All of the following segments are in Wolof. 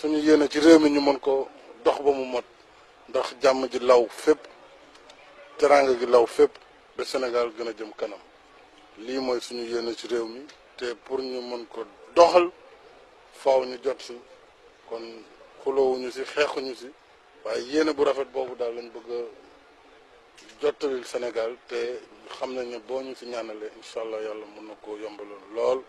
suñu yéene ci réew mi ñu mën ko dox ba mu mot ndax jàmm ji law fépp teraanga gi law fépp ba Sénégal gën a jëm kanam lii mooy suñu yéene ci réew mi te pour ñu mën ko doxal faaw ñu jot si kon xulowuñu si xeexuñu si waaye yéene bu rafet boobu daal lañ bëgg a jottalil Sénégal te xam nañ ne boo ñu si ñaanalee incha yàlla mën na koo yombaloon lool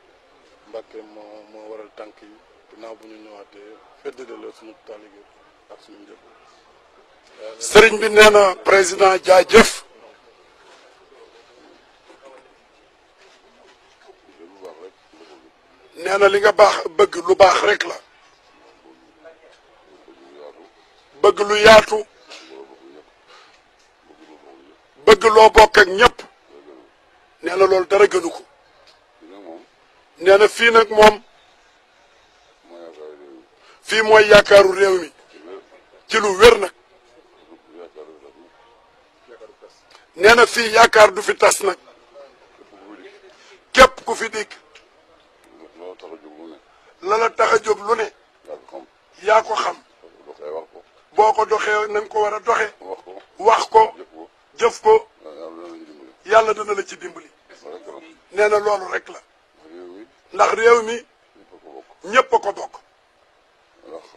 Mbàkke moo moo waral tànk yi ginnaaw bu ñu ñëwaatee feddale la suñu taalibe bi nee na président jaajëf nee na li nga baax bëgg lu baax rek la bëgg lu yaatu bëgg loo bokk ñépp ñëpp nee na loolu dara gënu ko nee fii nag moom fii mooy yaakaaru réew mi ci lu wér nag nee na fii yaakaar du fi tas nag képp ku fi dikk la la tax a jóg lu ne yaa ko xam boo ko doxee na ko war a doxe wax ko jëf ko yàlla na la ci dimbali nee na loolu rek la ndax réew mi ñépp ko bokk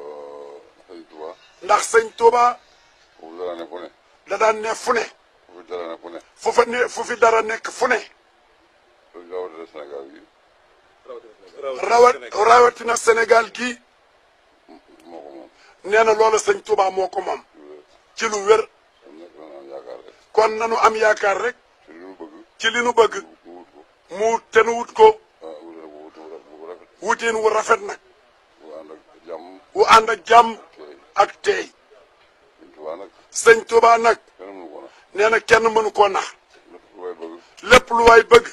Euh, ndax sëñ Touba. ndax sëñ Touba. dara ne fu ne. da daan ne fu dara ne fu fu fu dara nekk fune ne. rawatina Sénégal gii. rawatina rawatina Sénégal gii. moo ko moom. nee na loola sëñ Touba moo ko moom. ci lu wér. kon nanu am yaakaar rek. ci li bëgg. mu te wut ko. wutin ah, wu rafet nag. wu ànd ak jàmm ak tey sëñ Tuubaa nag nee na kenn mën koo nax lépp lu waay bëgg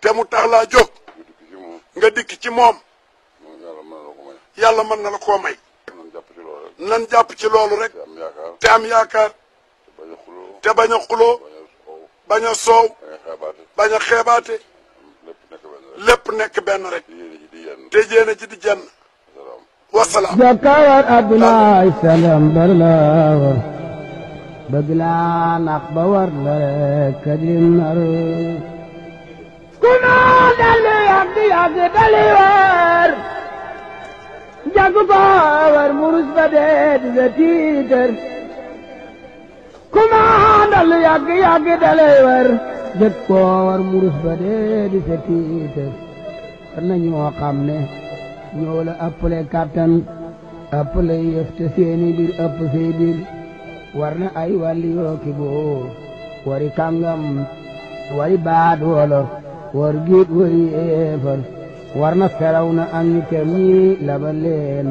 te mu tax laa jóg nga dikk ci moom yàlla mën na la koo may nan jàpp ci loolu rek te am yaakaar te bañ a xuloo bañ a soow bañ a xeebaate lépp nekk benn rek te jéene ci di jenn wasalaam. jokkoor Abdoulaye Salam bar la war bëgg laa nax ba war la rek a di nar. ku noo dellu yàgg yàgg dali war jagu ko murus ba dee di la ku maa dellu yàgg yàgg dali war jag ko murus ba dee di la war nañoo xam ne. ñoo la kàttan ëppale yëf te seeni biir ëpp say war na ay wàlli ki boo wari kàngam wari baat wolo war giit wari eefar war na feraw na am ñu kem labal leen